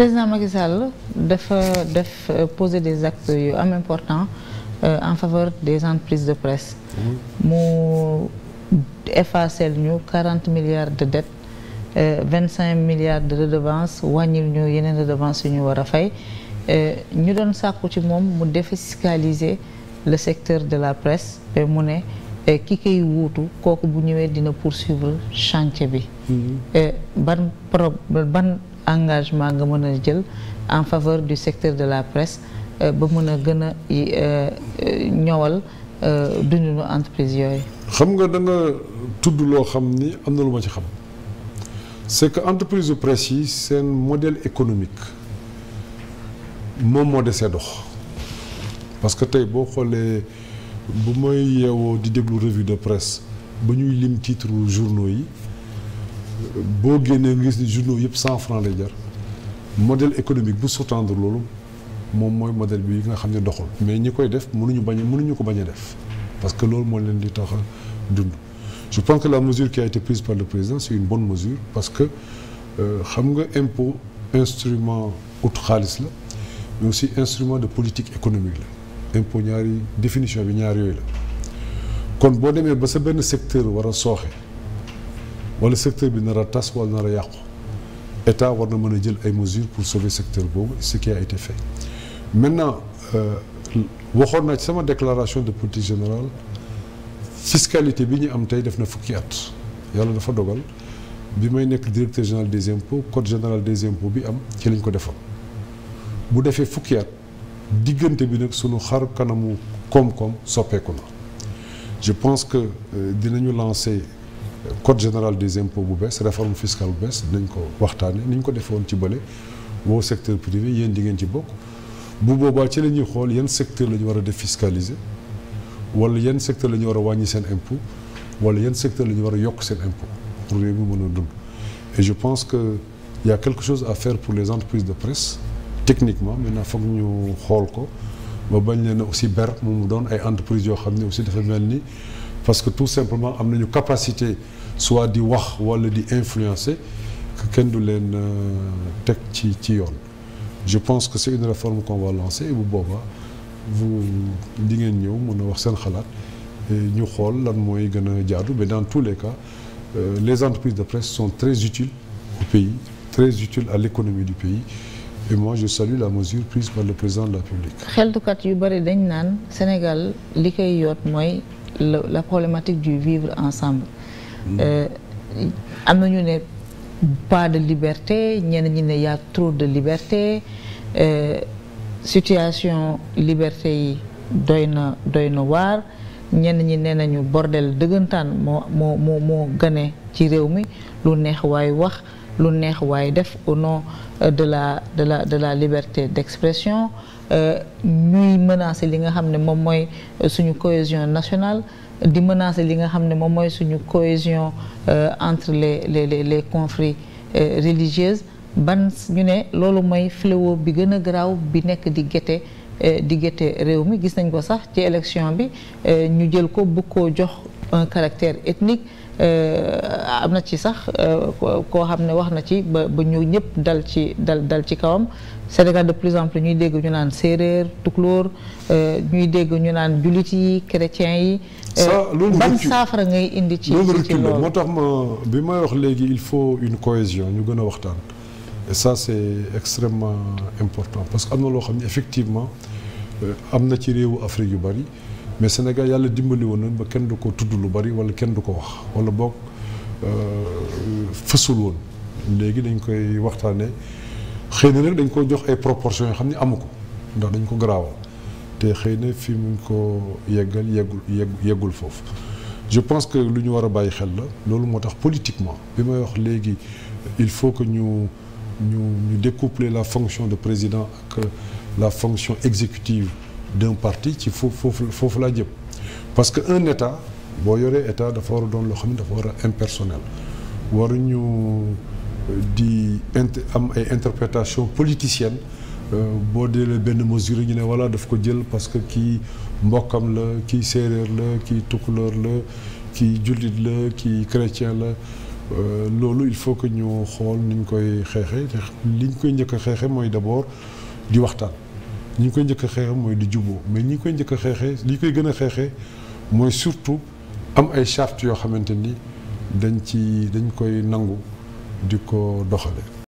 président Macky Sall dafa def euh, poser des actes yu am important euh, en faveur des entreprises de presse mm-hmm. mu effacer ñu quarante milliards de dettes euh, vingt cinq milliards de redevance wàññil ñu yeneen redevance yu ñu war a fay ñu doon sàkku ci moom mu défiscaliser le secteur de la presse te mu ne ki koy wuutu kooku bu ñëwee dina poursuivre chantier bi mm-hmm. ban pro ban engagement nga mën a jël en faveur du secteur de la presse euh, ba mën a gën a euh, euh, ñëwal dundinu entreprise yooyu. xam nga danga tudd loo xam ni am na lu ma ci xam c'est que entreprise de presse yi seen modèle économique moom moo desee dox parce que tey boo xoolee bu may yeewoo di déglu revue de presse ba ñuy lim titre journaux yi. boo génnee nga gis ni yëpp cent franc lay jar model économique bu sous loolu moom mooy modèle bi nga xam ne doxul. mais ñi koy def mënuñu bañ mënuñu ko bañ a def parce que loolu moo leen di tax a dund je pense que la mesure qui a été prise par le président c'est une bonne mesure parce que euh, xam nga impôt instrument ut xaalis la mais aussi instrument de politique économique la impôt ñaari définition bi ñaar yooyu la kon boo demee ba sa benn secteur war a sooxe. wala secteur bi nar a tas wala nar a yàqu état war na mën a jël ay mesures pour sauver secteur boobu ce qui a été fait maintenant euh, waxoon naa ci sama déclaration de politique général fiscalité bi ñu am tey def na fukki at yàlla dafa dogal bi may nekk directeur général des impôts code général des impôts bi am ci lañ ko defoon bu defee fukki at diggante bi nag sunu xar kanamu koom-koom soppeeku na je pense que euh, dinañu lancer. code général des impôts bu bees réforme fiscale bu bees dinañ ko waxtaane ni ñu ko defee ci bële woo secteur privé yéen di ngeen ci bokk bu boobaa ci la ñuy xool yan secteur la ñu war a défiscaliser wala yan secteur la ñu war a wàññi seen impôt wala yan secteur la ñu war a yokk seen impôt pour réew mu mën a dugg et je pense que y a quelque chose à faire pour les entreprises de presse techniquement maintenant foog ñu xool ko ba bañ leen aussi ber mu doon ay entreprises yoo xam ne aussi dafa mel ni parce que tout simplement am nañu capacité soit di wax walla di influencer kenn du leen euh, teg ci ci yoon je pense que c'est une réforme qu'on va lancer et bu booba vous di ngeen ñëw mën a wax seen xalaat ñu xool lan mooy gën a jaadu mais dans tous les cas euh, les entreprises de presse sont très utiles au pays très utiles à l'économie du pays et moi je salue la mesure prise par le président de la République. xeltukat yu bari dañ naan Sénégal li koy yoot mooy. le la problématique du vivre ensemble. Mm. Euh, am na ñu ne pas de liberté ñenn ñi ne y a de liberté euh, situation liberté yi doy na doy na waar ñenn ñi nee nañu bordel dëggantaan moo moo moo moo ci réew mi lu neex waay wax. lu neex waaye def au nom euh, de la de la de la liberté d'expression euh, ñuy menacer li nga xam ne moom mooy euh, suñu cohésion nationale di menacer li nga xam ne moom mooy suñu cohésion entre les les les les conflits religieuses ban ñu ne loolu mooy fléau bi gën a garaaw bi nekk di guette Euh, diggante réew mi gis nañ ko sax ci élection bi euh, ñu jël ko bu ko jox un caractère ethnique euh, am na ci sax koo xam ne wax na ci ba ba ñu ñëpp dal ci dal dal ci kawam Sénégal de plus en plus ñuy dégg ñu naan séeréer tukulóor ñuy dégg ñu naan jullit yi chrétien yi. ban saafara ngay indi. ci ci loolu moo tax ma bi may wax léegi il faut une cohésion ñu gën a waxtaan. et ça c'est extrêmement important parce que am na loo xam ne effectivement. Euh, am na ci réewu Afrique yu bari mais Sénégal yàlla dimbali woon nañ ba kenn du ko tudd lu bari wala kenn du ko wax wala boog euh, fësul woon léegi dañ koy waxtaanee xëy na rek dañ ko jox ay proportions yoo xam ne amu ko ndax dañ ko garaawal te xëy na fi muñ ko yeggal yeggul yeggul foofu je pense que lu ñu war a bàyyi xel la loolu moo tax politiquement bi may wax léegi il faut que ñu ñu ñu découpler la fonction de président ak la fonction exécutive d'un parti ci foofu foofu foofu laa jëm parce que un état boo yoree état dafa war a doon loo xam ne dafa war a impersonnel waruñu euh, di inter am ay interprétation politicienne euh, boo deelee benn mesure ñu ne voilà daf ko jël parce que kii mbokkam la kii séeréer la kii tukulóor la kii jullit la kii chrétien la euh, loolu il faut que ñu xool ni ñu koy xeexee li ñu koy njëkk a xeexee mooy d'abord di waxtaan ñi ngi koy njëkk a xeexee mooy di juboo mais ñi ngi koy njëkk a xeexee li koy gën a xeexee mooy surtout am ay charte yoo xamante ni dañ ci dañ koy nangu di ko doxale